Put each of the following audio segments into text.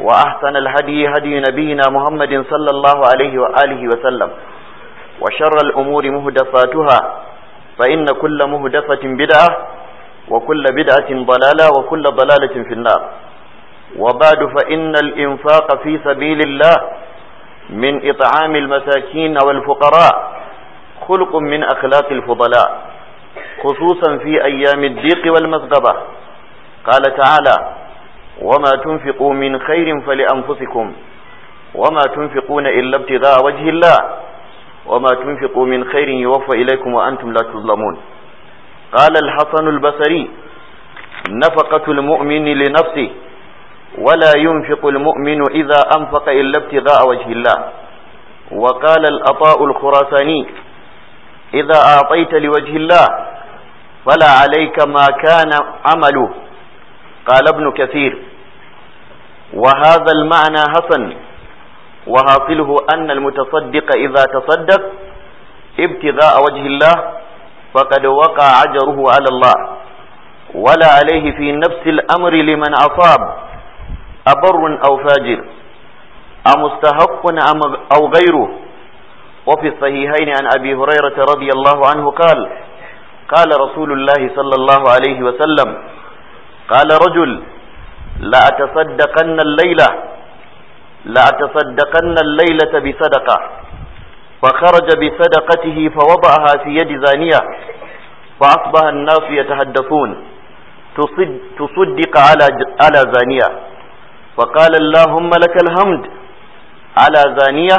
وأحسن الهدي هدي نبينا محمد صلى الله عليه وآله وسلم وشر الأمور مهدفاتها فإن كل مهدفة بدعة وكل بدعة ضلالة وكل ضلالة في النار وبعد فإن الإنفاق في سبيل الله من إطعام المساكين والفقراء خلق من أخلاق الفضلاء خصوصا في أيام الضيق والمذبة قال تعالى وما تنفقوا من خير فلأنفسكم وما تنفقون إلا ابتغاء وجه الله وما تنفقوا من خير يوفى إليكم وأنتم لا تظلمون قال الحسن البصري نفقة المؤمن لنفسه ولا ينفق المؤمن إذا أنفق إلا ابتغاء وجه الله وقال الأطاء الخراساني إذا أعطيت لوجه الله فلا عليك ما كان عمله قال ابن كثير وهذا المعنى حسن وحاصله أن المتصدق إذا تصدق ابتغاء وجه الله فقد وقع عجره على الله ولا عليه في نفس الأمر لمن أصاب أبر أو فاجر أمستحق أم أو غيره وفي الصحيحين عن أبي هريرة رضي الله عنه قال قال رسول الله صلى الله عليه وسلم قال رجل لأتصدقن الليلة لأتصدقن الليلة بصدقة فخرج بصدقته فوضعها في يد زانية فأصبح الناس يتحدثون تصد تصدق على على زانية فقال اللهم لك الحمد على زانية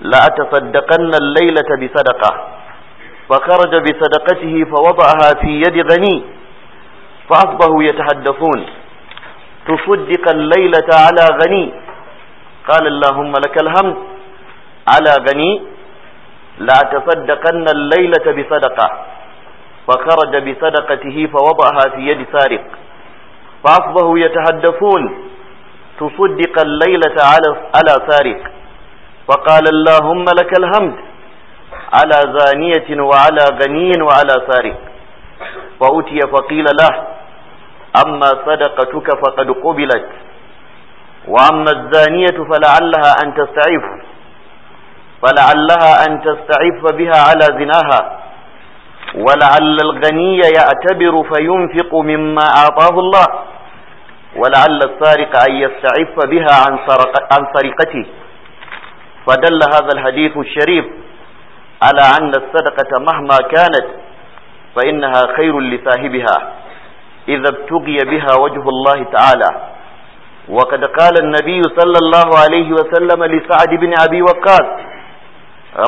لأتصدقن الليلة بصدقة فخرج بصدقته فوضعها في يد غني فأصبحوا يتحدثون تصدق الليلة على غني قال اللهم لك الحمد على غني لا تصدقن الليلة بصدقة فخرج بصدقته فوضعها في يد سارق فأصبحوا يتحدثون تصدق الليلة على على سارق فقال اللهم لك الحمد على زانية وعلى غني وعلى سارق فأتي فقيل له أما صدقتك فقد قبلت وأما الزانية فلعلها أن تستعف فلعلها أن تستعف بها على زناها ولعل الغني يعتبر فينفق مما أعطاه الله ولعل السارق أن يستعف بها عن, سرق عن سرقته فدل هذا الحديث الشريف على أن الصدقة مهما كانت فإنها خير لصاحبها إذا ابتغي بها وجه الله تعالى وقد قال النبي صلى الله عليه وسلم لسعد بن أبي وقاص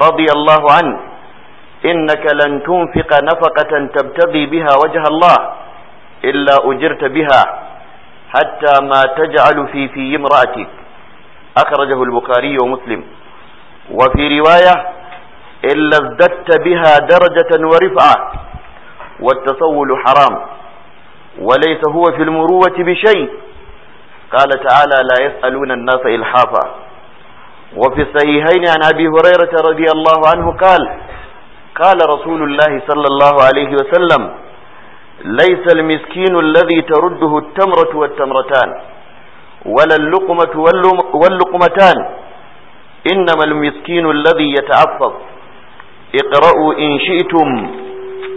رضي الله عنه إنك لن تنفق نفقة تبتغي بها وجه الله إلا أجرت بها حتى ما تجعل في في امرأتك أخرجه البخاري ومسلم وفي رواية إلا ازددت بها درجة ورفعة والتصول حرام وليس هو في المروة بشيء قال تعالى لا يسألون الناس إلحافا وفي الصحيحين عن أبي هريرة رضي الله عنه قال قال رسول الله صلى الله عليه وسلم ليس المسكين الذي ترده التمرة والتمرتان ولا اللقمة واللقمتان إنما المسكين الذي يتعفف اقرأوا إن شئتم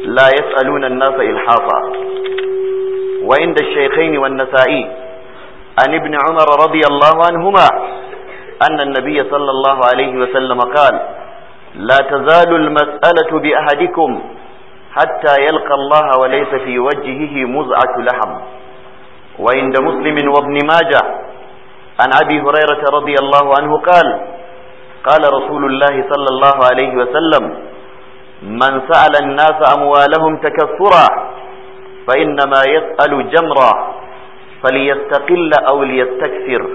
لا يسألون الناس إلحافا وعند الشيخين والنسائي عن ابن عمر رضي الله عنهما أن النبي صلى الله عليه وسلم قال لا تزال المسألة بأحدكم حتى يلقى الله وليس في وجهه مزعة لحم وعند مسلم وابن ماجه عن أبي هريرة رضي الله عنه قال قال رسول الله صلى الله عليه وسلم من سأل الناس أموالهم تكثرا فإنما يسأل جمرا فليستقل أو ليستكثر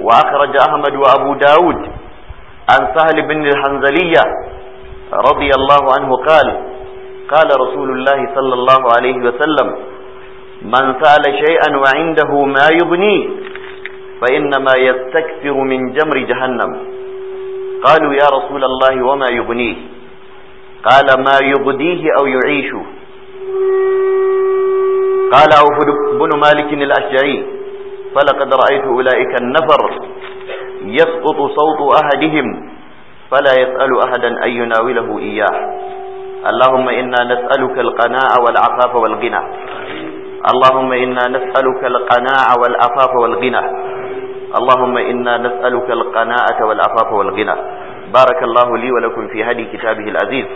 وأخرج أحمد وأبو داود عن سهل بن الحنزلية رضي الله عنه قال قال رسول الله صلى الله عليه وسلم من سأل شيئا وعنده ما يغنيه فإنما يستكثر من جمر جهنم قالوا يا رسول الله وما يغنيه قال ما يبديه أو يعيشه قال عوف بن مالك الأشجعي فلقد رأيت أولئك النفر يسقط صوت أحدهم فلا يسأل أحدا أن يناوله إياه اللهم إنا نسألك القناع والعفاف والغنى اللهم إنا نسألك القناع والعفاف والغنى اللهم إنا نسألك القناعة والعفاف والغنى بارك الله لي ولكم في هدي كتابه العزيز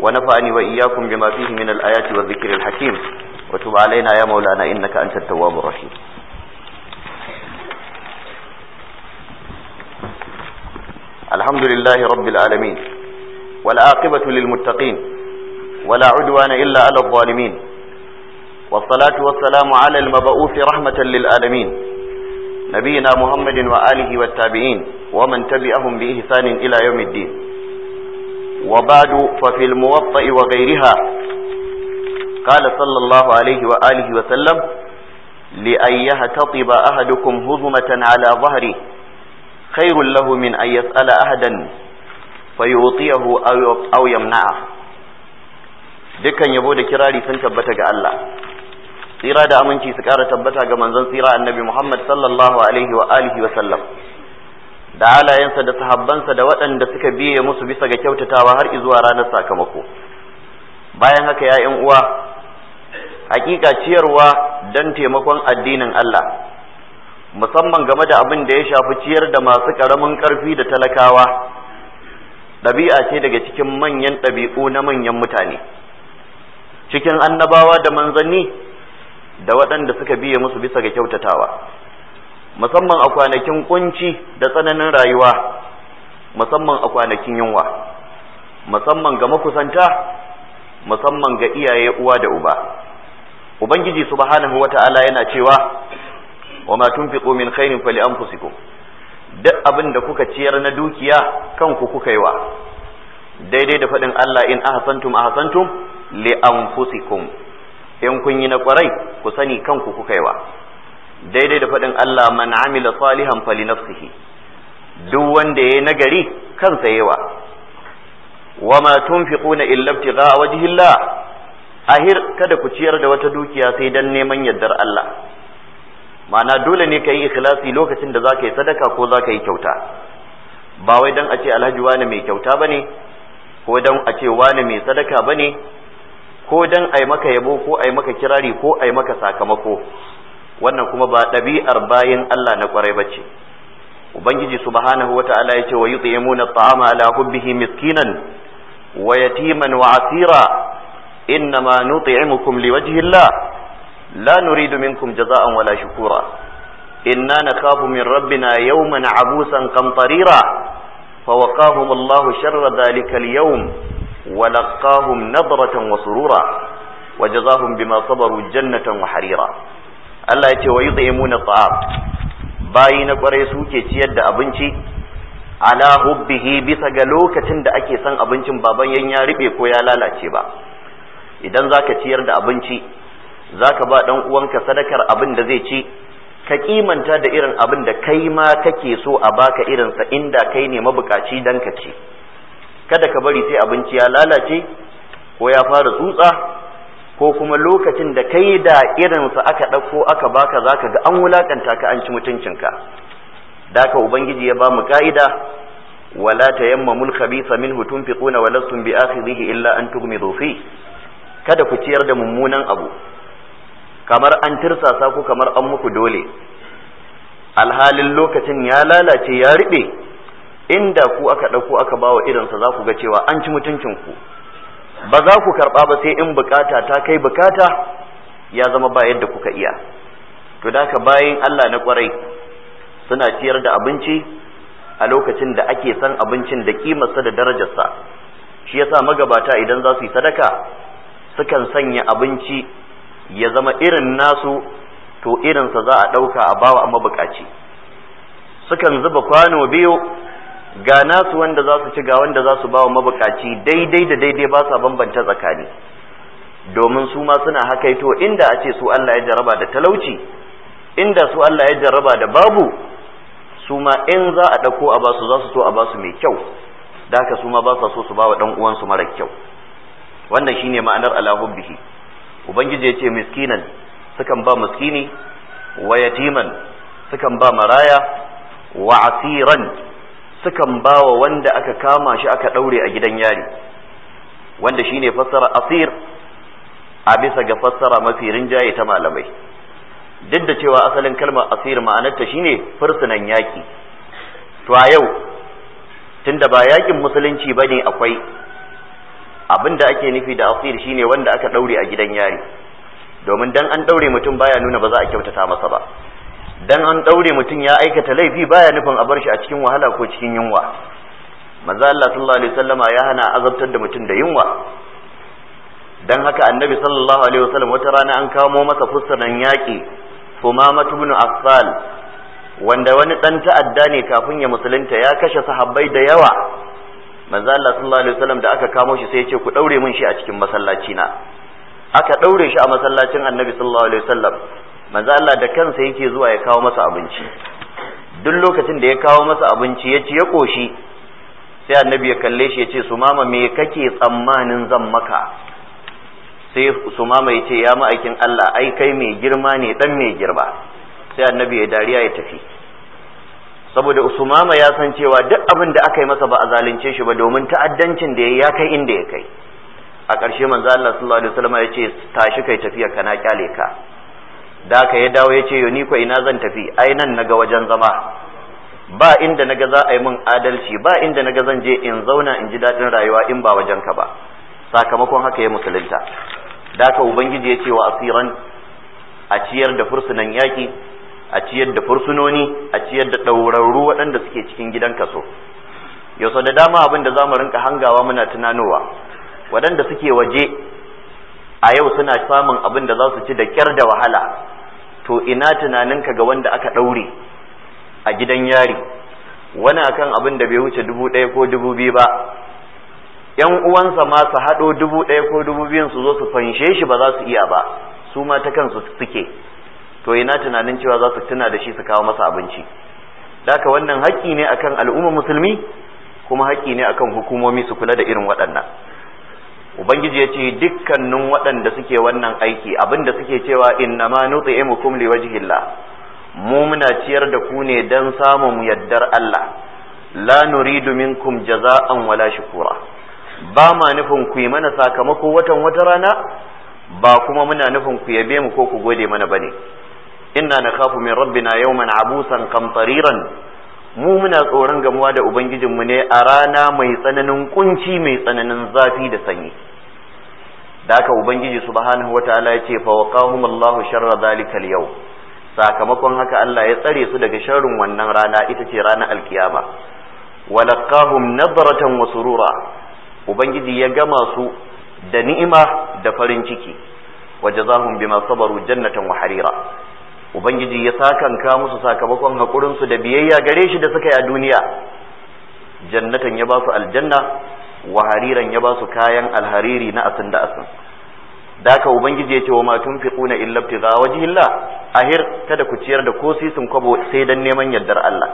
ونفعني وإياكم بما فيه من الآيات والذكر الحكيم وتب علينا يا مولانا إنك أنت التواب الرحيم الحمد لله رب العالمين والعاقبة للمتقين ولا عدوان إلا على الظالمين والصلاة والسلام على المبؤوث رحمة للعالمين نبينا محمد وآله والتابعين ومن تبعهم بإحسان إلى يوم الدين وبعد ففي الموطأ وغيرها قال صلى الله عليه وآله وسلم لأن يهتطب أحدكم هضمة على ظهره خير له من أن يسأل أحدا فيعطيه أو يمنعه dukkan yabo da kirari sun tabbata ga Allah tsira da aminci su ƙara tabbata ga manzon tsira annabi Muhammad sallallahu alaihi wa alihi wa sallam da halayensa da sahabbansa da waɗanda suka biye musu bisa ga kyautatawa har zuwa ranar sakamako bayan haka ya'yan uwa hakika ciyarwa don taimakon addinin Allah musamman game da abin da ya shafi ciyar da masu ƙaramin ƙarfi da talakawa ɗabi'a ce daga cikin manyan ɗabi'u na manyan mutane cikin annabawa da manzanni da waɗanda suka biye musu bisa ga kyautatawa musamman a kwanakin kunci da tsananin rayuwa musamman a kwanakin yunwa musamman ga makusanta musamman ga iyaye uwa da uba ubangiji subhanahu wata'ala yana cewa wa ma tunfiqu min khairin fali anfusikum duk abin da kuka ciyar na dukiya kanku kuka yi wa daidai da faɗin Allah in ahsantum ahsantum li anfusikum in kun yi na kwarai ku sani kanku kuka yi wa daidai da faɗin Allah man amila salihan fali nafsihi duk wanda yayi nagari kansa yawa wama tunfiquna illa ibtigha wajhillah ahir kada ku ciyar da wata dukiya sai dan neman yardar Allah ma'ana dole ne ka yi ikhlasi lokacin da zaka yi sadaka ko zaka yi kyauta ba wai dan a ce alhaji wani mai kyauta bane ko dan a ce wani mai sadaka bane ko dan ai maka yabo ko ai maka kirari ko ai maka sakamako wannan kuma ba ɗabi'ar bayin Allah na kwarai ce ubangiji subhanahu ya ce wa yut'imuna at'ama ala hubbihi miskinan wa yatiman wa asira innama imukum li Allah la nuridu minkum jaza'an wala shukura inna kafu min rabbina yawman abusan qamtarira فوقاهم الله شر ذلك اليوم ولقاهم نظرة وسرورا وجزاهم بما jannatan wa harira Allah ya ce wa yut'imuna at'am bayi na kwarai suke ciyar da abinci ala hubbihi bisa ga lokacin da ake son abincin baban yan ya ribe ko ya lalace ba idan zaka ciyar da abinci zaka ba dan uwanka sadakar abin da zai ci ka kimanta da irin abin da kai ma kake so a baka irinsa inda kai ne mabukaci dan ka ci kada ka bari sai abinci ya lalace ko ya fara tsutsa ko kuma lokacin da kai da irinsa aka ɗauko aka baka za ka ga an wulaƙanta ka an ci mutuncinka da ka ubangiji ya ba mu ka'ida wala fi khabitha minhu tunfiquna wa lastum bi'akhidhihi illa an tughmidu fi kada ku ciyar da mummunan abu kamar an tirsasa ku kamar an muku dole alhalin lokacin ya lalace ya riɓe inda ku aka ɗauko aka bawa irinsa za ku ga cewa an ci mutuncinku ku ba za ku karɓa ba sai in bukata ta kai bukata ya zama ba yadda kuka iya to da ka bayin Allah na kwarai suna ciyar da abinci a lokacin da ake san abincin da kimarsa da darajarsa shi yasa magabata idan za su yi sadaka sukan sanya abinci ya zama irin nasu to irinsa za a ɗauka a bawa mabukaci sukan zuba kwano biyu ga nasu wanda za su ci ga wanda za su ba mabukaci daidai da daidai ba sa bambanta tsakani domin su ma suna hakaito inda a ce su Allah ya jaraba da talauci inda su Allah ya jaraba da babu su ma in za a ɗauko a basu za su so a basu mai kyau da haka su ma ba sa so su bawa wa ɗan uwansu mara kyau wannan shine ma'anar biki ubangiji ya ce miskinan sukan ba miskini wa yatiman sukan ba maraya wa asiran sukan bawa wanda aka kama shi aka ɗaure a gidan yari wanda shine fassara asir a bisa ga fassara mafi rinjaye ta malamai duk da cewa asalin kalmar asir ma'anarta shine fursunan yaki to a yau tunda ba yakin musulunci bane akwai abin da ake nufi da asir shine wanda aka ɗaure a gidan yari domin dan an ɗaure mutum baya nuna ba za a kyautata masa ba dan an daure mutum ya aikata laifi baya nufin a bar shi a cikin wahala ko cikin yunwa manzo Allah sallallahu alaihi wasallama ya hana azabtar da mutum da yunwa dan haka annabi sallallahu alaihi wasallam wata rana an kamo masa fussanan yaki Sumamatu ibn Affal wanda wani dan ta'adda ne kafin ya musulunta ya kashe sahabbai da yawa manzo Allah sallallahu alaihi wasallam da aka kamo shi sai ya ce ku daure mun shi a cikin masallaci na aka daure shi a masallacin annabi sallallahu alaihi wasallam manzo Allah da kansa yake zuwa ya kawo masa abinci duk lokacin da ya kawo masa abinci ya ci ya koshi sai annabi ya kalle shi ya ce su mama me kake tsammanin zan maka sai su mama ya ce ya ma'aikin Allah ai kai mai girma ne dan mai girma sai annabi ya dariya ya tafi saboda usumama ya san cewa duk abin da aka yi masa ba a zalunce shi ba domin ta'addancin da ya kai inda ya kai a ƙarshe manzo Allah sallallahu alaihi wasallam ya ce tashi kai tafiya kana kyale ka da aka ya dawo ya ce yau ni ko ina zan tafi ai nan naga wajen zama ba inda naga za a yi min adalci ba inda naga zan je in zauna in ji daɗin rayuwa in ba wajen ka ba sakamakon haka ya musulunta da aka ubangiji ya ce wa asiran a ciyar da fursunan yaƙi a ciyar da fursunoni a ciyar da ɗaurarru waɗanda suke cikin gidan kaso yau da dama abin da za mu rinka hangawa muna tunanowa waɗanda suke waje a yau suna samun abin da za su ci da kyar da wahala to ina tunaninka ga wanda aka ɗaure a gidan yari wani akan abin da bai wuce dubu ɗaya ko dubu biyu ba yan uwansa ma su haɗo dubu ɗaya ko dubu biyun su zo su fanshe shi ba za su iya ba su ma ta kansu suke to ina tunanin cewa za su tuna da shi su kawo masa abinci daka wannan haƙƙi ne akan al'umma musulmi kuma haƙƙi ne akan hukumomi su kula da irin waɗannan ubangiji ya ce dukkanin waɗanda suke wannan aiki abinda suke cewa inna ma nuti'imukum liwajhillah mu muna ciyar da ku ne dan samun yaddar Allah la nuridu minkum jaza'an wala shukura ba ma nufin ku yi mana sakamako watan wata rana ba kuma muna nufin ku yabe mu ko ku gode mana bane inna nakhafu min rabbina yawman abusan qamtariran mu muna tsoron gamuwa da ubangijinmu ne a rana mai tsananin kunci mai tsananin zafi da sanyi da haka ubangiji subhanahu wa ta'ala ya ce fa waqahum Allahu sharra zalikal yau sakamakon haka Allah ya tsare su daga sharrin wannan rana ita ce rana alkiyama walaqahum nadratan wa surura ubangiji ya gama su da ni'ima da farin ciki wajazahum bima sabaru jannatan wa harira ubangiji ya sakanka musu sakamakon haƙurinsu da biyayya gare shi da suka yi a duniya jannatan ya ba su aljanna wa hariran ya ba su kayan alhariri na asin da asin daka ubangiji ya ce wa matun fiquna illa ibtiga wajhillah ahir kada ku ciyar da ko sisin kwabo sai dan neman yardar Allah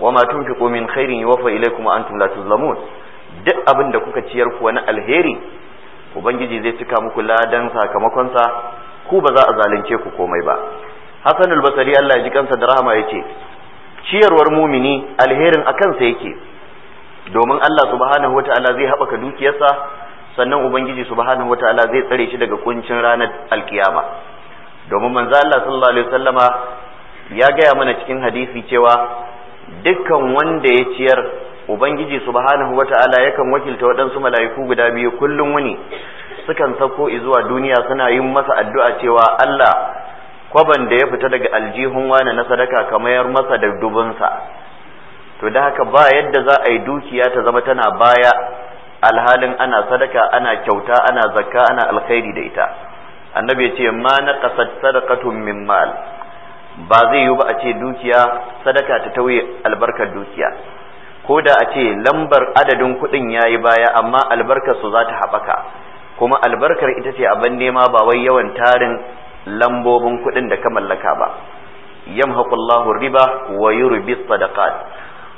wa matun tunfiqu min khairin yuwaffa ilai kuma antum la tuzlamun duk abin da kuka ciyar ku wani alheri ubangiji zai cika muku ladan sakamakon sa ku ba za a zalunce ku komai ba Hassan al-basri Allah ya ji kansa da rahama yace ciyarwar mumini alherin a kansa yake domin Allah subhanahu wata'ala zai haɓaka dukiyarsa sannan ubangiji subhanahu wata'ala zai tsare shi daga kuncin ranar alkiyama domin manzo Allah sallallahu alaihi wasallama ya gaya mana cikin hadisi cewa dukkan wanda ya ciyar ubangiji subhanahu wata'ala yakan wakilta waɗansu mala'iku guda biyu kullum wani sukan sako zuwa duniya suna yin masa addu'a cewa Allah kwaban da ya fita daga aljihun wani na sadaka kamar yar masa da dubunsa to da haka ba yadda za a yi dukiya ta zama tana baya alhalin ana sadaka ana kyauta ana zakka ana alkhairi da ita annabi ya ce ma na kasar sadakatun min mal ba zai yi ba a ce dukiya sadaka ta tauye albarkar dukiya ko da a ce lambar adadin kuɗin ya yi baya amma albarkar su za ta haɓaka kuma albarkar ita ce abin nema ba wai yawan tarin lambobin kuɗin da ka mallaka ba yamhaqullahu riba wa yurbi sadaqat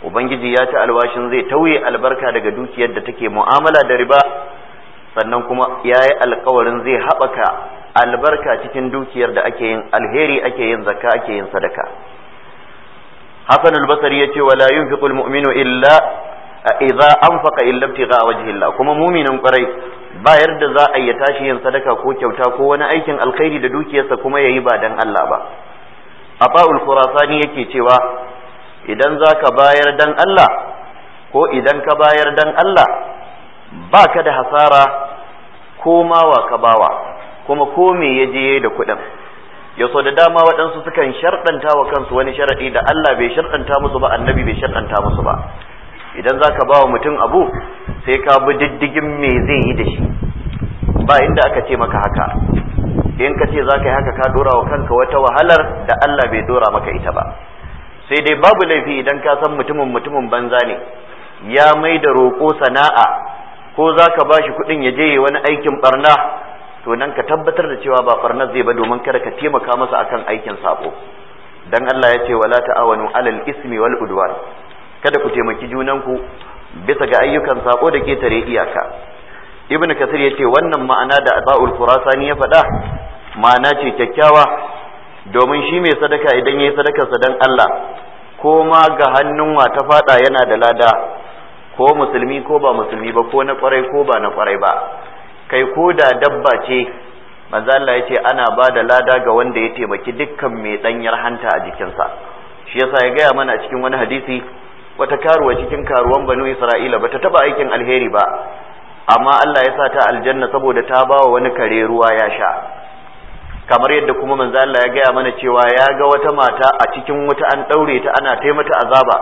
ubangiji ya ta alwashin zai tauye albarka daga dukiyar da take mu'amala da riba sannan kuma ya yi alkawarin zai haɓaka albarka cikin dukiyar da ake yin alheri ake yin zakka ake yin sadaka hasan albasari ya ce wala yunfiqul mu'minu illa idza anfaqa illa ibtigha wajhillah kuma mu'minin kwarai ba yarda za a yi tashi yin sadaka ko kyauta ko wani aikin alkhairi da dukiyarsa kuma ya yi ba dan Allah ba Afa'ul kurasani yake cewa idan za ka bayar dan Allah ko idan ka bayar dan Allah ba ka da hasara ko mawa ka bawa kuma ko me ya je da kuɗin ya so da dama waɗansu sukan sharɗanta wa kansu wani sharaɗi da Allah bai sharɗanta musu ba annabi bai sharɗanta musu ba idan za ka ba wa mutum abu sai ka bi diddigin me zai yi da shi ba inda aka ce maka haka in ka ce za ka yi haka ka dora wa kanka wata wahalar da Allah bai dora maka ita ba sai dai babu laifi idan ka san mutumin mutumin banza ne ya mai da roƙo sana'a ko za ka ba shi kuɗin ya je wani aikin barna to nan ka tabbatar da cewa ba farnar zai ba domin kada ka taimaka masa akan aikin sabo dan Allah ya ce wala ta'awanu alal ismi wal udwan kada ku taimaki junanku bisa ga ayyukan sako da ketare iyaka ibn kasir ya ce wannan ma'ana da aba'ul qurasani ya faɗa ma'ana ce kyakkyawa domin shi mai sadaka idan ya yi sadakarsa don Allah ko ma ga hannun wa ta faɗa yana da lada ko musulmi ko ba musulmi ba ko na kwarai ko ba na kwarai ba kai ko da dabba ce manzo Allah ya ce ana ba da lada ga wanda ya taimaki dukkan mai danyar hanta a jikinsa shi yasa ya gaya mana cikin wani hadisi wata karuwa cikin karuwan banu isra'ila ba ta taba aikin alheri ba amma Allah ya sa ta aljanna saboda ta ba wa wani kare ruwa ya sha kamar yadda kuma manzo Allah ya gaya mana cewa ya ga wata mata a cikin wuta an daure ta ana taimata azaba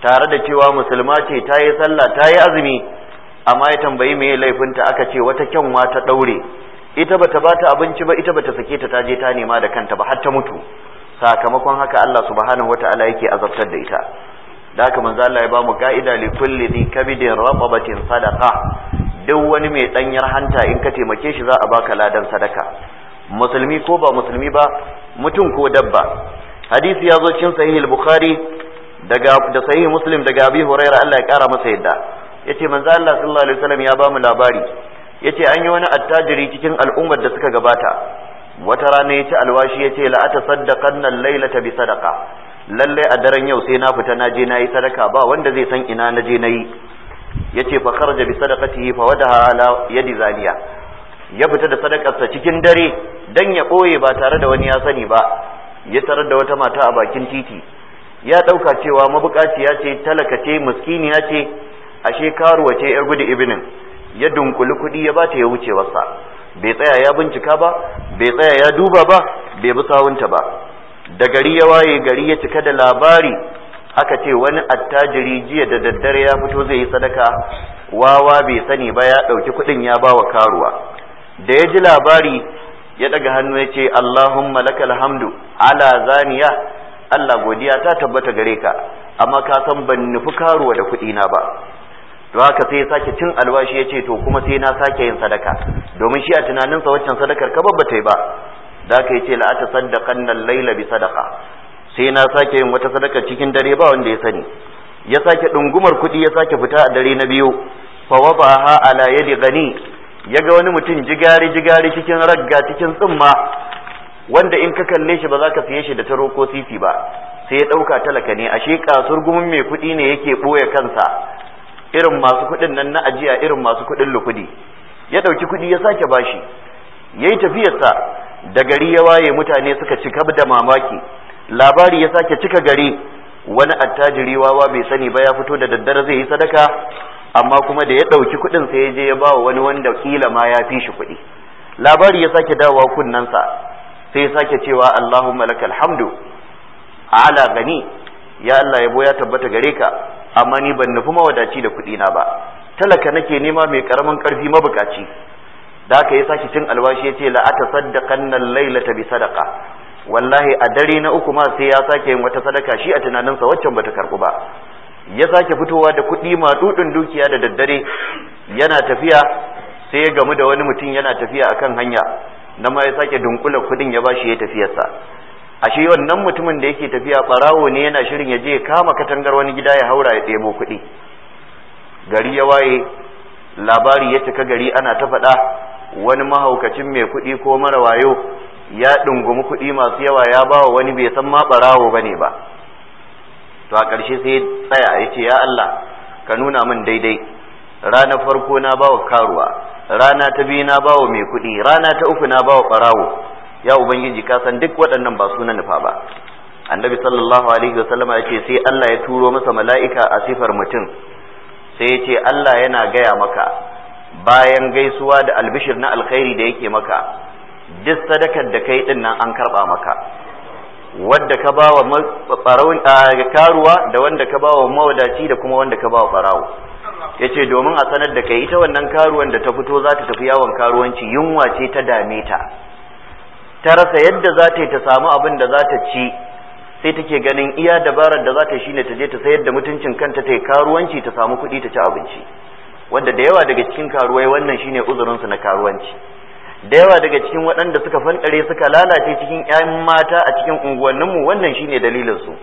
tare da cewa musulma ce ta yi sallah ta yi azumi amma ya tambayi me laifinta aka ce wata kyanwa ta daure ita bata ba ta abinci ba ita bata sake ta ta je ta nema da kanta ba har ta mutu sakamakon haka Allah subhanahu wataala yake azabtar da ita da haka manzo Allah ya ba mu ka'ida li kulli dhi kabidin raqabatin sadaqa duk wani mai danyar hanta in ka taimake shi za a baka ladan sadaka musulmi ko ba musulmi ba mutum ko dabba hadisi ya zo cikin sahih bukhari daga da sahih muslim daga abi huraira Allah ya kara masa yadda yace manzo Allah sallallahu alaihi wasallam ya ba mu labari yace an yi wani attajiri cikin al'ummar da suka gabata wata rana yace alwashi yace la atasaddaqanna al-lailata bi sadaqa lallai a daren yau sai na fita na je na yi sadaka ba wanda zai san ina na je na yi ya ce fa kharaja bi sadaqatihi fa wadaha ala yadi zaliya ya fita da sadakarsa cikin dare dan ya boye ba tare da wani ya sani ba ya tarar da wata mata a bakin titi ya dauka cewa mabukaciya ce talaka ce ya ce ashe karuwa ce yar gudu ibinin ya dunkuli kuɗi ya bata ya wucewarsa. bai tsaya ya bincika ba bai tsaya ya duba ba bai bi sawunta ba da gari ya waye gari ya cika da labari aka ce wani attajiri jiya da daddare ya fito zai yi sadaka wawa bai sani ba ya ɗauki kuɗin ya ba wa karuwa da ya ji labari ya ɗaga hannu ya ce allahumma lakal hamdu ala zaniya allah godiya ta tabbata gare ka amma ka san ban nufi karuwa da na ba to haka sai ya sake cin alwashi ya ce to kuma sai na sake yin sadaka domin shi a tunaninsa waccan sadakar ka babbata ba da aka yi ce la ta saddaƙan nan laila bi sadaka sai na sake yin wata sadaka cikin dare ba wanda ya sani ya sake ɗungumar kuɗi ya sake fita a dare na biyu fa ha ala yadi gani ya ga wani mutum jigari jigari cikin ragga cikin tsumma wanda in ka kalle shi ba za ka siye shi da taro ko sifi ba sai ya ɗauka talaka ne ashe kasur gumin mai kuɗi ne yake ɓoye kansa irin masu kuɗin nan na ajiya irin masu kuɗin lukudi ya ɗauki kuɗi ya sake bashi ya yi tafiyarsa da gari ya waye mutane suka cika da mamaki labari ya sake cika gari wani attajiri wawa bai sani ba ya fito da daddare zai yi sadaka amma kuma da ya ɗauki kuɗin sai ya je ya bawa wani wanda kila ma ya fi shi kuɗi labari ya sake dawowa sa, sai ya sake cewa Allahumma lakal hamdu ala gani ya Allah yabo ya tabbata gare ka amma ni ban nufi mawadaci da kuɗi na ba talaka nake nema mai karamin karfi mabukaci da aka yi sake cin albashi ya ce la'ata saddakan nan laila ta bi sadaka wallahi a dare na uku ma sai ya sake yin wata sadaka shi a tunaninsa waccan bata karɓu ba ya sake fitowa da kuɗi maɗuɗin dukiya da daddare yana tafiya sai ya gamu da wani mutum yana tafiya akan hanya na ma ya sake dunkula kuɗin ya ba shi ya tafiyarsa ashe wannan mutumin da yake tafiya ɓarawo ne yana shirin ya je kama katangar wani gida ya haura ya ɗebo kuɗi gari ya waye labari ya cika gari ana ta faɗa wani mahaukacin mai kuɗi ko mara wayo ya ɗungumi kuɗi masu yawa ya ba wa wani bai san ma ɓarawo ba ne ba to a ƙarshe sai tsaya ya ce ya Allah ka nuna min daidai rana farko na ba karuwa rana ta biyu na bawa mai kuɗi rana ta uku na ba wa ɓarawo ya ubangiji ka san duk waɗannan ba suna nufa ba annabi sallallahu alaihi wasallama ya ce sai Allah ya turo masa mala'ika a sifar mutum sai ya ce Allah yana gaya maka bayan gaisuwa da albishir na alkhairi da yake maka duk sadakar da kai din nan an karba maka wanda ka ba wa karuwa da wanda ka ba wa mawadaci da kuma wanda ka ba wa farawo. yace domin a sanar da kai ita wannan karuwan da ta fito za ta tafi yawon karuwanci yunwa ce ta dame ta ta rasa yadda za ta yi ta samu abin da za ta ci sai take ganin iya dabarar da za ta shine ta je ta sayar da mutuncin kanta ta yi karuwanci ta samu kuɗi ta ci abinci wanda da yawa daga cikin karuwai wannan shine uzurinsu na karuwanci da yawa daga cikin waɗanda suka fanɗare suka lalace cikin 'yan mata a cikin unguwanninmu wannan shine dalilinsu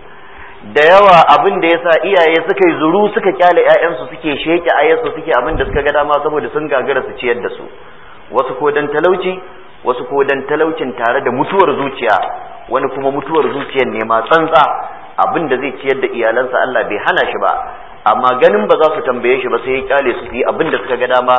da yawa abin da yasa iyaye suka yi zuru suka kyale 'ya'yansu suke sheke ayyansu suke abin da suka ga dama saboda sun gagara su ciyar da su wasu ko dan talauci wasu ko dan talaucin tare da mutuwar zuciya wani kuma mutuwar zuciyar ne ma tsantsa abin da zai ciyar da iyalansa Allah bai hana shi ba amma ganin ba za su tambaye shi ba sai ya kyale su yi abin da suka ga dama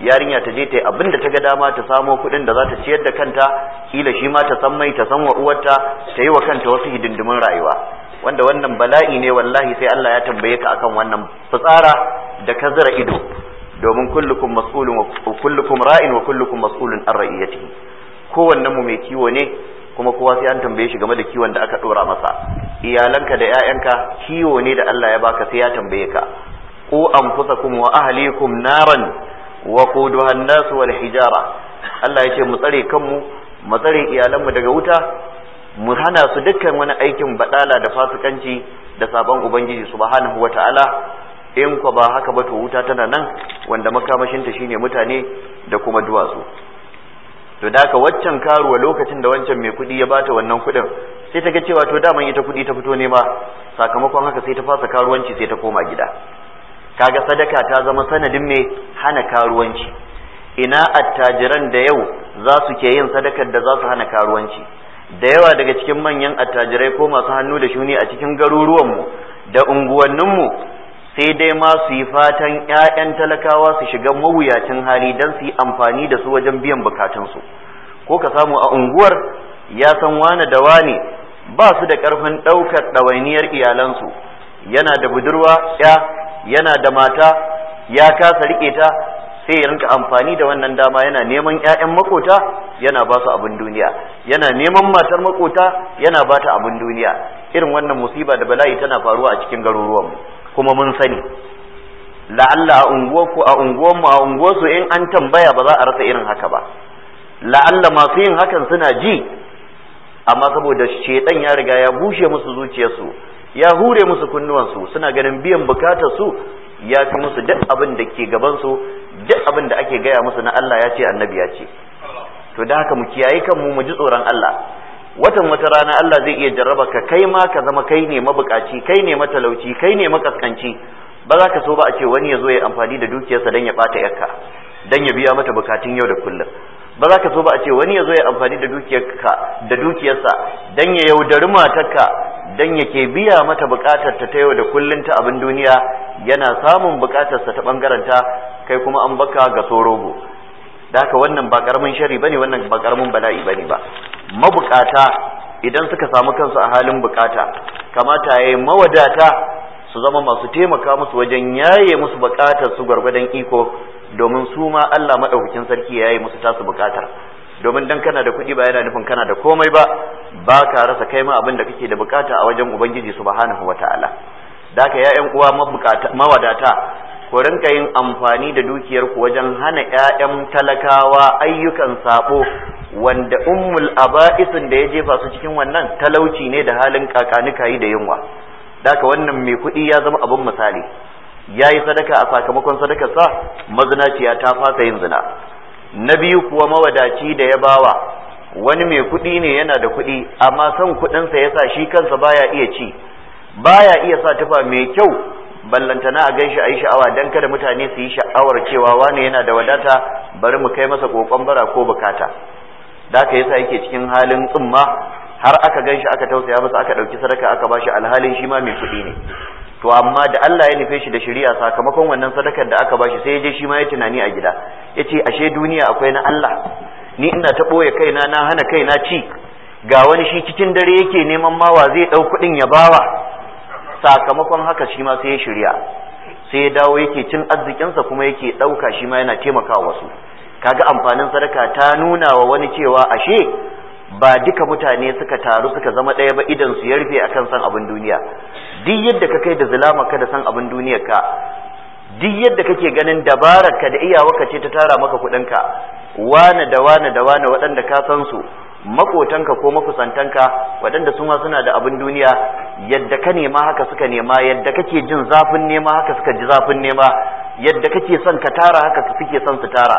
yarinya ta je ta yi abin da ta ga dama ta samo kuɗin da za ta ciyar da kanta kila shi ma ta san mai ta san wa uwarta ta yi wa kanta wasu hidindimin rayuwa wanda wannan bala'i ne wallahi sai Allah ya tambaye ka akan wannan fitsara da ka zira ido domin kullukum mas'ulun wa kullukum ra'in wa kullukum mas'ulun an ra'iyatihi kowannen mu mai kiwo ne kuma kowa sai an tambaye shi game da kiwon da aka dora masa iyalanka da 'ya'yanka kiwo ne da Allah ya baka sai ya tambaye ka ku anfusakum wa ahlikum naran wa quduha an-nas wal hijara Allah ya ce mu tsare kanmu mu tsare iyalanmu daga wuta mu hana su dukkan wani aikin badala da fasikanci da sabon ubangiji subhanahu wataala in ko ba haka ba to wuta tana nan wanda makamashinta shine mutane da kuma duwatsu to da haka waccan karuwa lokacin da wancan mai kuɗi ya bata wannan kuɗin sai ta ga cewa to daman ita kuɗi ta fito ne ba sakamakon haka sai ta fasa karuwanci sai ta koma gida kaga sadaka ta zama sanadin mai hana karuwanci ina attajiran da yau za su ke yin sadakar da za su hana karuwanci da yawa daga cikin manyan attajirai ko masu hannu da shuni a cikin garuruwanmu da unguwanninmu sai dai ma su yi fatan 'ya'yan talakawa su shiga mawuyacin hali don su yi amfani da su wajen biyan bukatunsu ko ka samu a unguwar ya san wane da wane ba su da ƙarfin ɗaukar ɗawainiyar iyalansu yana da budurwa ya yana da mata ya kasa riƙe ta sai ya rinka amfani da wannan dama yana neman 'ya'yan makota yana ba su abin duniya yana neman matar makota yana ba ta abin duniya irin wannan musiba da bala'i tana faruwa a cikin garuruwanmu kuma mun sani la'alla a unguwarku a unguwarmu a unguwarsu in an tambaya ba za a rasa irin haka ba la'alla masu yin hakan suna ji amma saboda shedan ya riga ya bushe musu zuciyarsu ya hure musu kunnuwansu suna ganin biyan bukatarsu ya fi musu duk abin da ke gabansu duk abin da ake gaya musu na Allah ya ce annabi ya ce to da haka mu kiyaye kanmu mu ji tsoron Allah watan wata rana Allah zai iya jarraba ka kai ma ka zama kai ne mabukaci kai ne matalauci kai ne makaskanci ba za ka so ba a ce wani ya zo ya amfani da dukiyarsa dan ya bata yarka dan ya biya mata bukatun yau da kullum ba za ka so ba a ce wani ya zo ya amfani da dukiyarka da dukiyarsa dan ya yaudari matarka dan ya ke biya mata bukatar ta yau da kullum ta abin duniya yana samun bukatarsa ta bangaren ta kai kuma an baka ga sorogo da haka wannan ba karamin shari bane wannan ba karamin bala'i bane ba mabukata idan suka samu kansu a halin bukata kamata yi mawadata su zama masu taimaka musu wajen yaye musu bukatar su gwargwadon iko domin su ma Allah madaukakin sarki yaye musu tasu bukatar domin dan kana da kuɗi ba yana nufin kana da komai ba ba ka rasa kai ma abin da kake da bukata a wajen ubangiji subhanahu wataala da haka ya'yan uwa mawadata ku rinka yin amfani da dukiyarku wajen hana 'ya'yan talakawa ayyukan sabo wanda ummul aba'isin da ya jefa su cikin wannan talauci ne da halin kakanika yi da yunwa daka wannan mai kuɗi ya zama abin misali ya yi sadaka a sakamakon sa mazinaciya ta fasa yin zina na biyu kuwa mawadaci da ya bawa wani mai kuɗi ne yana da kuɗi amma son kuɗinsa ya sa shi kansa baya iya ci baya iya sa tufa mai kyau ballantana a ganshi a yi sha'awa don kada mutane su yi sha'awar cewa wani yana da wadata bari mu kai masa kokon bara ko bukata da aka yasa yake cikin halin tsumma har aka ganshi aka tausaya masa aka ɗauki sadaka aka bashi alhalin shi ma mai kuɗi ne to amma da Allah ya nufe shi da shari'a sakamakon wannan sadakar da aka bashi sai ya je shi ma ya tunani a gida ya ce ashe duniya akwai na Allah ni ina ta ɓoye kaina na hana kaina ci ga wani shi cikin dare yake neman mawa zai ɗau kuɗin ya bawa sakamakon haka shi ma sai ya shirya sai ya dawo yake cin arzikinsa kuma yake ɗauka shi ma yana taimakawa wasu kaga amfanin sadaka ta nuna wa wani cewa ashe ba duka mutane suka taru suka zama ɗaya ba idan su ya rufe akan san abin duniya duk yadda ka kai da zulama ka da san abin duniya ka duk yadda kake ganin dabarar ka da iyawaka ce ta tara maka kuɗin ka wane da wane da wane waɗanda ka san su makotanka ko makusantanka waɗanda su ma suna da abin duniya yadda ka nema haka suka nema yadda kake jin zafin nema haka suka ji zafin nema yadda kake son ka tara haka suke son su tara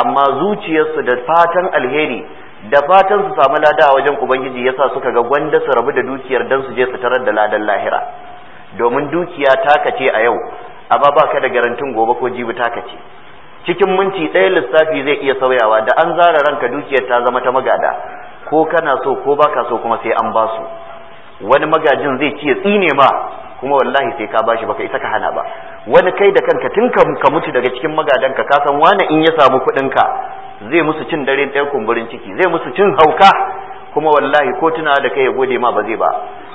amma zuciyarsu da fatan alheri da fatan su samu lada a wajen ubangiji yasa suka ga gwanda su rabu da dukiyar dan su je su tarar da ladan lahira domin dukiya ta kace a yau amma ba ka da garantin gobe ko jibi ta kace cikin minti ɗaya lissafi zai iya sauyawa da an zara ranka dukiyar ta zama ta magada ko kana so ko baka so kuma sai an basu wani magajin zai ci ya tsine ma kuma wallahi sai ka bashi baka isa ka hana ba wani kai da kanka tun ka mutu daga cikin magadan ka san wani in ya samu kuɗinka zai musu cin dare ɗaya kumburin ciki zai musu cin hauka kuma wallahi ko tuna da kai ya gode ma ba zai ba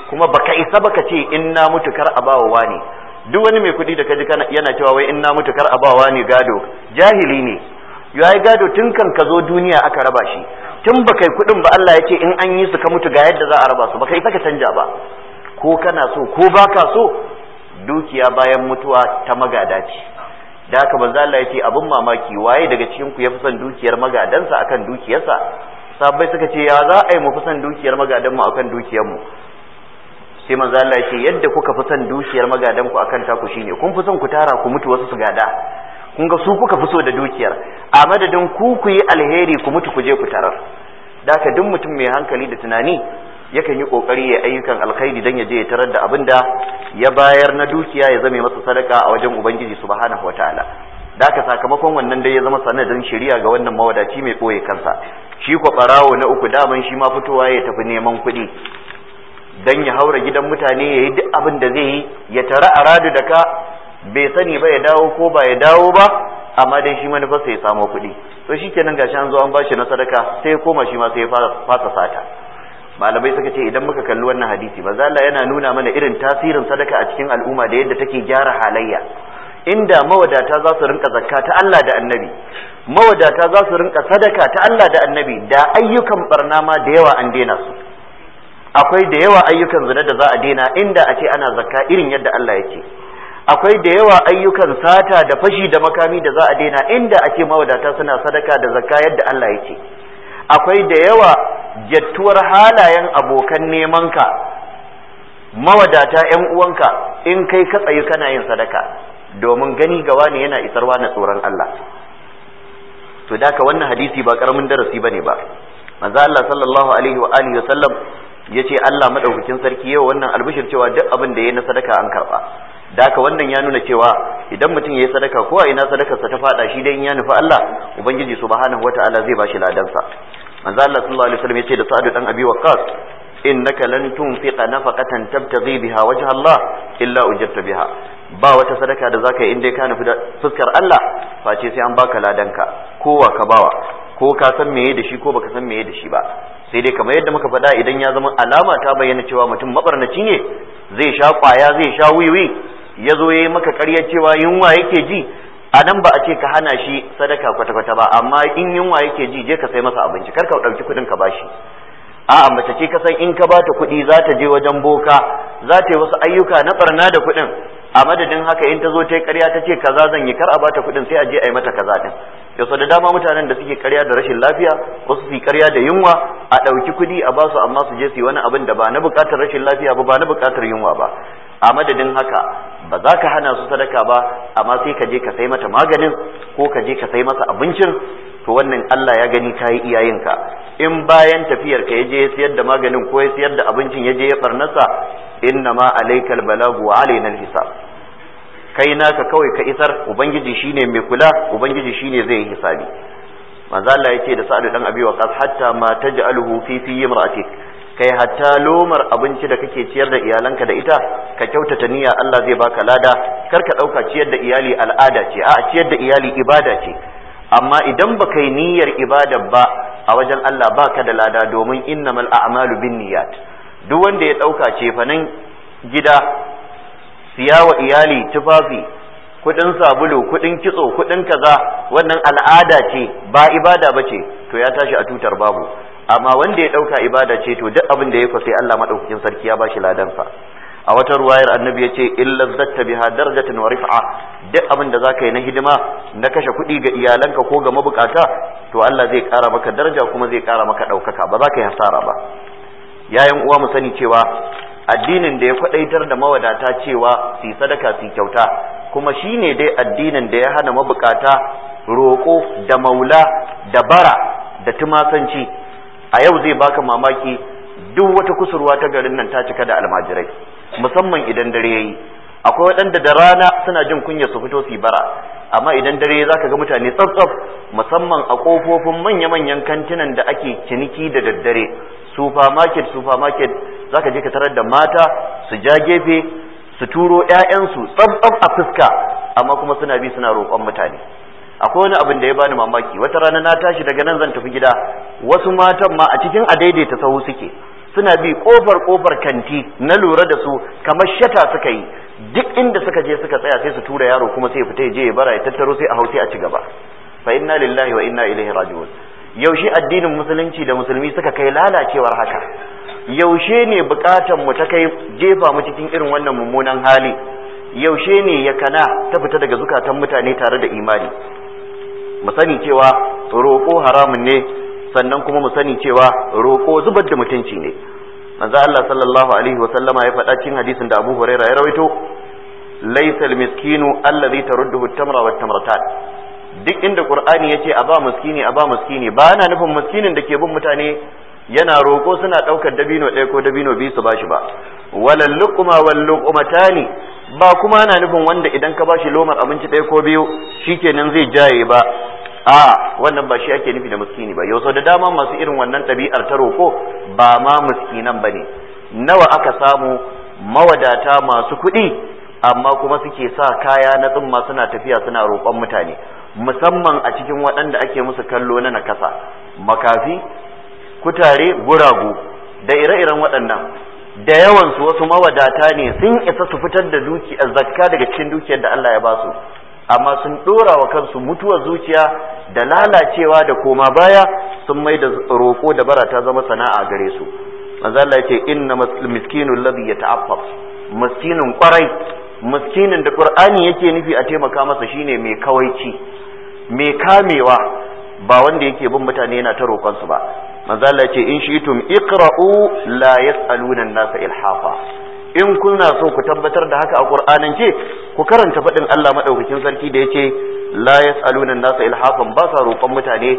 kuma baka isa baka ce in na mutu kar a bawa wani duk wani mai kuɗi da kaji yana cewa wai in na mutu kar a bawa wani gado jahili ne yayi gado tun kan ka zo duniya aka raba shi tun ba kai kuɗin ba Allah ya ce in an yi su ka mutu ga yadda za a raba su ba kai saka canja ba ko kana so ko baka so dukiya bayan mutuwa ta magada ce da haka manzo Allah ya abin mamaki waye daga cikin ku ya fi son dukiyar magadansa akan dukiyarsa sabbai suka ce ya za a yi mu fi son dukiyar magadan mu akan dukiyar mu sai manzo Allah ya yadda kuka fi son dukiyar magadan ku akan taku shine kun fi son ku tara ku mutu wasu su gada kun ga su kuka fi so da dukiyar a madadin ku ku yi alheri ku mutu ku je ku tarar da ka duk mutum mai hankali da tunani yakan yi kokari ya ayyukan alkhairi dan ya je ya tarar da abinda ya bayar na dukiya ya zame masa sadaka a wajen ubangiji subhanahu wataala da ka sakamakon wannan dai ya zama sanadin shari'a ga wannan mawadaci mai koye kansa shi ko barawo na uku daman shi ma fitowa ya tafi neman kuɗi dan ya haura gidan mutane ya yi duk abin da zai yi ya tara aradu da ka bai sani ba ya dawo ko ba ya dawo ba amma dai shi sai ya samo kuɗi to shi kenan gashi an zo an bashi na sadaka sai ya koma shi ma sai ya fasa sata malamai suka ce idan muka kalli wannan hadisi ba Allah yana nuna mana irin tasirin sadaka a cikin al'umma da yadda take gyara halayya inda mawadata za su rinka zakka ta Allah da annabi mawadata za su rinka sadaka ta Allah da annabi da ayyukan barna ma da yawa an daina su akwai da yawa ayyukan zina da za a daina inda a ce ana zakka irin yadda Allah yake akwai da yawa ayyukan sata da fashi da makami da za a daina inda ake mawadata suna sadaka da zakka yadda Allah ya ce akwai da yawa jattuwar halayen abokan neman ka mawadata yan uwanka in kai ka tsayi kana yin sadaka domin gani ga wani yana isarwa na tsoron Allah to da ka wannan hadisi ba karamin darasi bane ba manzo Allah sallallahu alaihi wa alihi wa sallam yace Allah madaukakin sarki yau wannan albishir cewa duk abin da yayi na sadaka an karba da haka wannan ya nuna cewa idan mutum ya yi sadaka ko a ina sadakarsa ta fada shi dai in ya nufi Allah ubangiji subhanahu wataala zai bashi ladansa manzo Allah sallallahu alaihi wasallam ce da Sa'ad dan Abi Waqqas innaka lan tunfiqa nafaqatan tabtaghi biha wajha Allah illa ujabta biha ba wata sadaka da zaka yi in dai ka nufi fuskar Allah face sai an baka ladanka kowa ka bawa ko ka san meye da shi ko baka san meye da shi ba sai dai kamar yadda muka faɗa idan ya zama alama ta bayyana cewa mutum mabarnaci ne zai sha kwaya zai sha wiwi ya zo ya yi maka karya cewa yunwa yake ji a nan ba a ce ka hana shi sadaka kwata-kwata ba amma in yunwa yake ji je ka sai masa abinci kar ka ɗauki kuɗin ka bashi a'a mace ce ka san in ka bata kuɗi za ta je wajen boka za ta yi wasu ayyuka na barna da kuɗin a madadin haka in ta zo ta yi ƙarya ta ce kaza zan yi kar a bata kuɗin sai a je a yi mata kaza din yau da dama mutanen da suke karya da rashin lafiya wasu su karya da yunwa a ɗauki kuɗi a basu amma su je su yi wani abin da ba na buƙatar rashin lafiya ba ba na buƙatar yunwa ba a madadin haka ba za ka hana su sadaka ba amma sai ka je ka sai mata maganin ko ka je ka sai masa abincin to wannan Allah ya gani ta yi iyayenka in bayan tafiyar ka je ya siyar da maganin ko ya siyar da abincin je ya farnasa inna ma alaikal balagu wa alaina hisab kai naka kawai ka isar ubangiji shine mai kula ubangiji shine zai yi hisabi manzo Allah yace da Sa'adu dan Abi Waqqas hatta ma taj'aluhu fi fi imratik kai hatta lomar abinci da kake ciyar da iyalanka da ita ka kyautata niyya Allah zai baka lada kar ka dauka ciyar da iyali al'ada ce a ciyar da iyali ibada ce amma idan baka yi niyyar ibada ba a wajen Allah baka da lada domin innamal a'malu binniyat duk wanda ya dauka ce gida siya wa iyali tufafi kudin sabulu kudin kitso kudin kaza wannan al'ada ce ba ibada bace to ya tashi a tutar babu amma wanda ya dauka ibada ce to duk abin da yake sai Allah madaukakin sarki ya bashi ladan sa a wata ruwayar annabi yace illa zatta biha darajatan wa rif'a duk abin da zaka yi na hidima na kashe kuɗi ga iyalanka ko ga mabukata to Allah zai kara maka daraja kuma zai kara maka ɗaukaka ba za ka yi hasara ba yayin uwa mu sani cewa addinin da ya kwadaitar da mawadata cewa su sadaka su kyauta kuma shine dai addinin da ya hana mabukata roƙo da maula da bara da tumasanci a yau zai baka mamaki duk wata kusurwa ta garin nan ta cika da almajirai musamman idan dare yayi akwai waɗanda da rana suna jin kunya su fito su bara amma idan dare za zaka ga mutane tsaf musamman a kofofin manya-manyan kantinan da ake ciniki da daddare supermarket supermarket zaka je ka tarar da mata su ja gefe su turo 'ya'yansu tsaf a fuska amma kuma suna bi suna roƙon mutane akwai wani abin da ya bani mamaki wata rana na tashi daga nan zan tafi gida wasu matan ma a cikin a daidaita sahu suke suna bi kofar kofar kanti na lura da su kamar shata suka yi duk inda suka je suka tsaya sai su tura yaro kuma sai fita ya je ya bara ya tattaro sai a hausa a ci gaba fa inna lillahi wa inna ilaihi raji'un yaushe addinin musulunci da musulmi suka kai lalacewar haka yaushe ne bukatar mu ta kai jefa mu cikin irin wannan mummunan hali yaushe ne ya kana ta fita daga zukatan mutane tare da imani mu sani cewa roƙo haramun ne sannan kuma mu sani cewa roƙo zubar da mutunci ne manzo Allah sallallahu alaihi wa sallama ya faɗa cikin hadisin da Abu Huraira ya rawaito laysa al-miskinu alladhi tarudduhu at-tamra wa tamratan duk inda Qur'ani yace a ba miskini a ba miskini ba ana nufin miskinin da ke bin mutane yana roƙo suna ɗaukar dabino ɗaya ko dabino biyu su bashi ba walal luquma wal luqmatani ba kuma ana nufin wanda idan ka bashi lomar abinci ɗaya ko biyu shikenan zai jaye ba a wannan ba shi ake nufi da miskini ba yau sau da dama masu irin wannan ɗabi'ar ta roƙo? ba ma miskinan ba ne nawa aka samu mawadata masu kuɗi amma kuma suke sa kaya na tsumma suna tafiya suna roƙon mutane musamman a cikin waɗanda ake musu kallo na nakasa makafi kutare guragu da ire-iren waɗannan da yawansu wasu mawadata ne sun isa su fitar da duki zakka daga cikin dukiyar da Allah ya ba su amma sun dora wa kansu mutuwar zuciya da lalacewa da koma baya sun mai da roƙo da bara ta zama sana'a gare su manzo Allah yace inna miskinu alladhi yata'affaf miskinun kwarai miskinin da qur'ani yake nufi a taimaka masa shine mai kawaici mai kamewa ba wanda yake bin mutane yana ta roƙon su ba manzo Allah in shi'tum iqra'u la yas'aluna an-nasa ilhafa in kuna so ku tabbatar da haka a ce ku karanta faɗin Allah madaukakin sarki da yace la yas'aluna an-nasa ilhafan ba sa roƙon mutane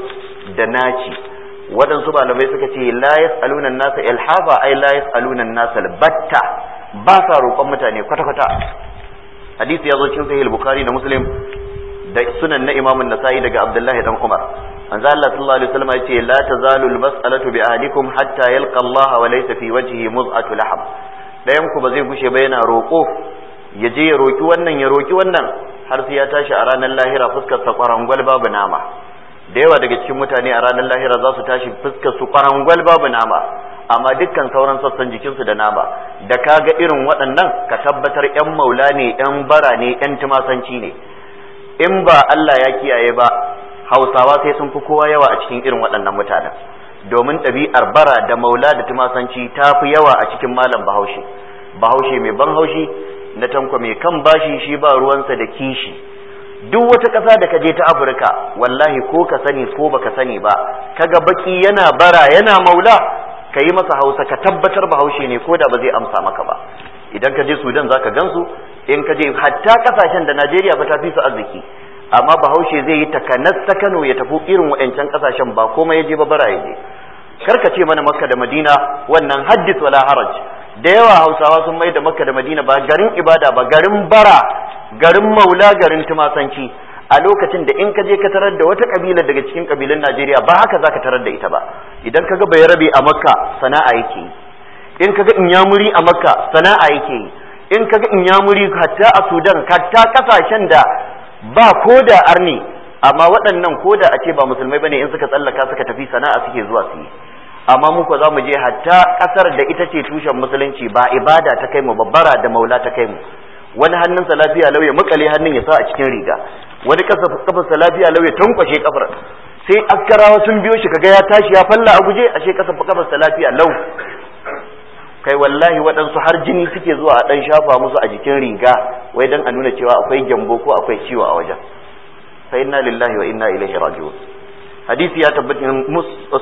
da naci waɗansu malamai suka ce la yas'aluna an-nasa ilhafa ai la yas'aluna an-nasa batta ba sa roƙon mutane kwata-kwata hadisi ya zo cikin sahih bukhari da muslim da sunan na imamun nasa'i daga abdullahi dan umar manzo Allah sallallahu alaihi wasallam yace la tazalu al-mas'alatu bi ahlikum hatta yalqa Allah wa laysa fi wajhihi muz'atu lahab ɗayan ku ba zai gushe ba yana roƙo ya je ya roƙi wannan ya roƙi wannan har sai ya tashi a ranar lahira fuskar sa kwarangwal babu nama da yawa daga cikin mutane a ranar lahira za su tashi fuskar su kwarangwal babu nama amma dukkan sauran sassan jikinsu da nama da ka ga irin waɗannan ka tabbatar 'yan maula ne 'yan bara ne 'yan tumasanci ne in ba Allah ya kiyaye ba hausawa sai sun fi kowa yawa a cikin irin waɗannan mutanen domin ɗabi'ar bara da maula da tumasanci ta fi yawa a cikin malam bahaushe bahaushe mai ban haushi na tanko mai kan bashi shi ba ruwansa da kishi duk wata ƙasa da ka je ta afirka wallahi ko ka sani ko ba ka sani ba kaga baki yana bara yana maula ka yi masa hausa ka tabbatar bahaushe ne ko da ba zai amsa maka ba idan ka je sudan za ka gan su, in ka je hatta ƙasashen da najeriya ba ta fi su arziki amma bahaushe zai yi takanas ta kano ya tafi irin waɗancan ƙasashen ba komai ya je ba bara ya je karka ce mana makka da madina wannan haddis wala haraj da yawa hausawa sun mai da makka da madina ba garin ibada ba garin bara garin maula garin tumasanci a lokacin da in ka je ka tarar da wata kabila daga cikin kabilan najeriya ba haka za ka tarar da ita ba idan ka ga bayarabe a makka sana'a yake in ka ga inyamuri a makka sana'a yake in ka ga inyamuri hatta a sudan hatta kasashen da ba ko da arni amma waɗannan ko da a ce ba musulmai bane in suka tsallaka suka tafi sana'a suke zuwa su yi amma muku za mu je hatta ƙasar da ita ce tushen musulunci ba ibada ta kai mu babbara da maula ta kai mu wani hannunsa lafiya lauye makale hannun ya sa a cikin riga wani kafarsa lafiya lauye tankwashe kafar sai askarawa sun biyo shi kaga ya tashi ya falla a guje ashe kasa kafarsa lafiya lau kai wallahi waɗansu har jini suke zuwa a ɗan shafa musu a jikin riga wai dan a nuna cewa akwai gyambo ko akwai ciwo a wajen fa inna lillahi wa inna ilaihi raji'un hadisi ya tabbata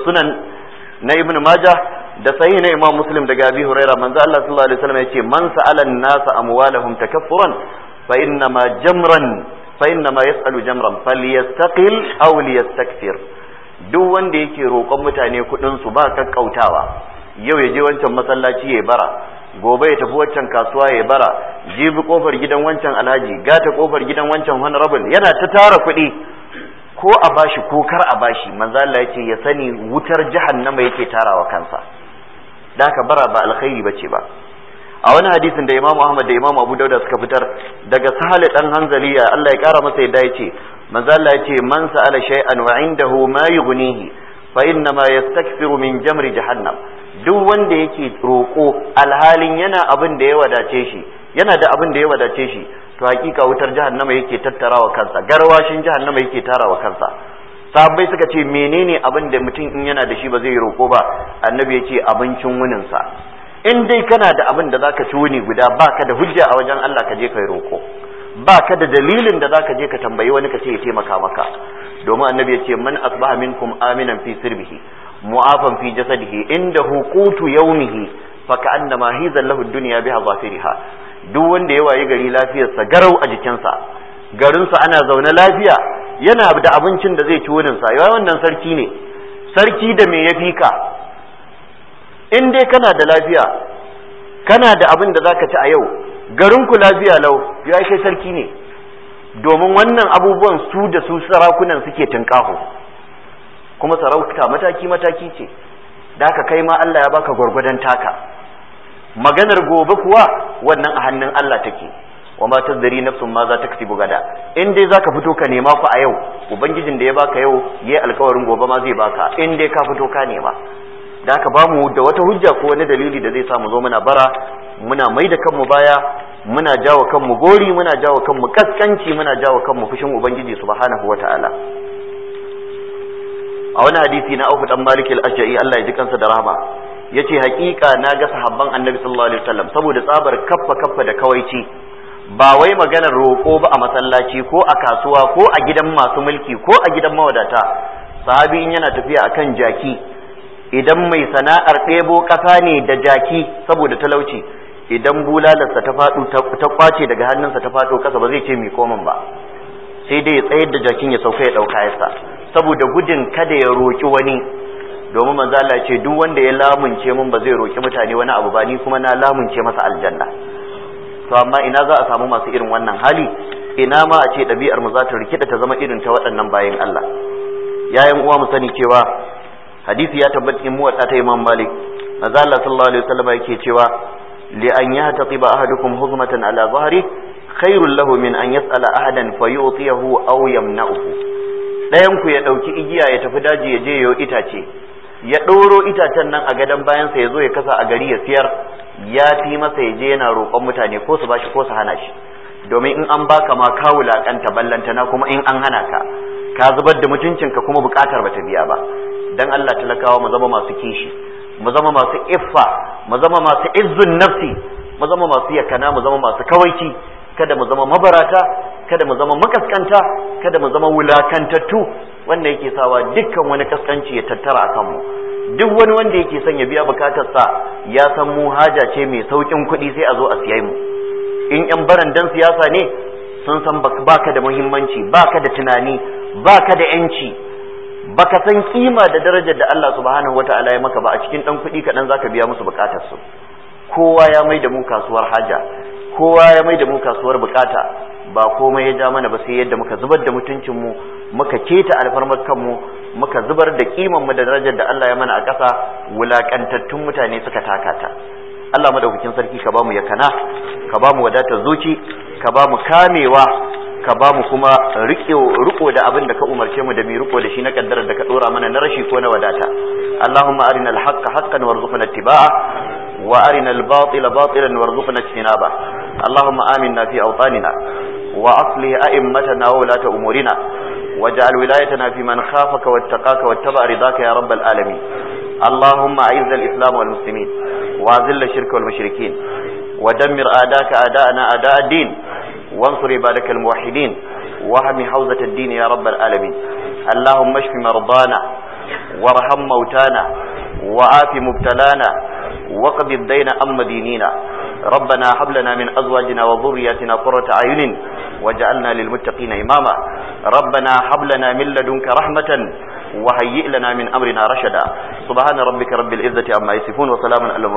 sunan na ibn majah da sai na imam muslim daga abi huraira manzo Allah sallallahu alaihi wasallam yace man sa'ala an-nas amwalahum takaffuran fa inna ma jamran fa inna ma yas'alu jamran falyastaqil aw liyastakthir duk wanda yake roƙon mutane kuɗin su ba kakkautawa yau ya je wancan masallaci ya bara gobe ya tafi wancan kasuwa ya bara jibi kofar gidan wancan alhaji gata kofar gidan wancan honorable yana ta tara kuɗi ko a bashi ko kar a bashi manzo Allah yace ya sani wutar jahannama yake tarawa kansa da ka bara ba alkhairi bace ba a wani hadisin da Imam Ahmad da Imam Abu Dawud suka fitar daga Sahal dan Hanzaliya Allah ya kara masa yadda yace manzo Allah yace man sa'ala shay'an wa indahu ma yughnihi fa inna ma yastakthiru min jamri jahannam duk wanda yake roko alhalin yana abin da ya wadace shi yana da abin da ya wadace shi to hakika wutar jahannama yake tattarawa kansa garwashin jahannama yake tarawa kansa sabai suka ce menene abin da mutum in yana da shi ba zai roko ba annabi ya ce abincin wuninsa in dai kana da abin da zaka ci wuni guda baka da hujja a wajen Allah ka je kai roko baka da dalilin da zaka je ka tambayi wani ka ce ya taimaka maka domin annabi ya ce man asbaha minkum aminan fi sirbihi mu'afan fi jasadihi inda hukutu yawmihi fa annama hizal lahu dunya biha zafiriha duk wanda ya waye gari lafiyarsa garau a jikinsa garinsa ana zaune lafiya yana da abincin da zai ci wurin sa wannan sarki ne sarki da me ya fika in dai kana da lafiya kana da abin da zaka ci a yau garinku lafiya lau ya kai sarki ne domin wannan abubuwan su da su sarakunan suke tunkaho kuma sarauta mataki mataki ce da ka kai ma Allah ya baka gwargwadon taka maganar gobe kuwa wannan a hannun Allah take wa ma tadri nafsun ma za ta kasibu gada in dai zaka fito ka nema ku a yau ubangijin da ya baka yau yayi alkawarin gobe ma zai baka in dai ka fito ka nema da haka ba mu da wata hujja ko wani dalili da zai sa mu zo muna bara muna mai da kanmu baya muna jawo kanmu gori muna jawo kanmu kaskanci muna jawo kanmu fushin ubangiji subhanahu wataala a wani hadisi na Auf dan Malik al Allah ya ji kansa da rahama yace haƙiƙa na ga sahabban annabi sallallahu alaihi wasallam saboda tsabar kaffa kaffa da kawaici ba wai maganar roƙo ba a masallaci ko a kasuwa ko a gidan masu mulki ko a gidan mawadata sahabi in yana tafiya akan jaki idan mai sana'ar ɗebo ƙasa ne da jaki saboda talauci idan bulalarsa ta faɗo ta kwace daga hannunsa ta faɗo ƙasa ba zai ce mai koman ba sai dai ya tsayar da jakin ya sauka ya ɗauka sa saboda gudun kada ya roƙi wani domin manzala ce duk wanda ya lamunce mun ba zai roki mutane wani abu ba ni kuma na lamunce masa aljanna to amma ina za a samu masu irin wannan hali ina ma a ce ɗabi'ar mu za ta rikida ta zama irin ta waɗannan bayan Allah yayin uwa mu sani cewa hadisi ya tabbata in muwatta ta Imam Malik manzala sallallahu alaihi wasallam yake cewa li an yahtatiba ahadukum huzmatan ala zahri khairul lahu min an yas'ala ahadan fayu'tiyahu aw yamna'uhu dayan ku ya dauki igiya ya tafi daji ya je yo itace ya ɗoro itacen nan a gadon bayansa ya zo ya kasa a gari ya siyar ya fi masa ya je yana roƙon mutane ko su ba shi ko su hana shi domin in an baka ma ka wulaƙanta ballantana kuma in an hana ka ka zubar da mutuncinka kuma buƙatar bata biya ba dan Allah talakawa mu zama masu kishi mu zama masu iffa mu zama masu izzun nafsi mu zama masu yakana mu zama masu kawaici kada mu zama mabarata kada mu zama makaskanta kada mu zama wulakantattu wanda yake sawa dukkan wani kaskanci ya tattara a kanmu duk wani wanda yake son ya biya bukatarsa ya san mu haja ce mai saukin kuɗi sai a zo a siyai mu in yan barandan siyasa ne sun san baka da muhimmanci baka da tunani baka da yanci baka san kima da darajar da Allah subhanahu wataala ya maka ba a cikin ɗan kuɗi kaɗan zaka biya musu bukatarsu kowa ya mai da mu kasuwar haja kowa ya mai da mu kasuwar bukata ba komai ya ja mana ba sai yadda muka zubar da mutuncinmu muka keta alfarmar kanmu muka zubar da kiman mu da darajar da Allah ya mana a ƙasa wulaƙantattun mutane suka taka ta Allah madaukakin sarki ka bamu yakana ka bamu wadata zuci ka bamu kamewa ka bamu kuma riko da abin da ka umarce mu da mi riko da shi na kaddara da ka dora mana na rashi ko na wadata Allahumma arina al haqqan warzuqna ittiba'a وأرنا الباطل باطلا وارزقنا اجتنابه اللهم آمنا في أوطاننا وأصله أئمتنا وولاة أمورنا واجعل ولايتنا في من خافك واتقاك واتبع رضاك يا رب العالمين اللهم أعز الإسلام والمسلمين وأذل الشرك والمشركين ودمر أعداءك أعداءنا أعداء الدين وانصر عبادك الموحدين وهم حوزة الدين يا رب العالمين اللهم اشف مرضانا وارحم موتانا وعاف مبتلانا وقض الدين أم دينينا ربنا حبلنا من أزواجنا وضرياتنا قرة عين وجعلنا للمتقين إماما ربنا حبلنا من لدنك رحمة وهيئ لنا من أمرنا رشدا سبحان ربك رب العزة أما يسفون وسلام على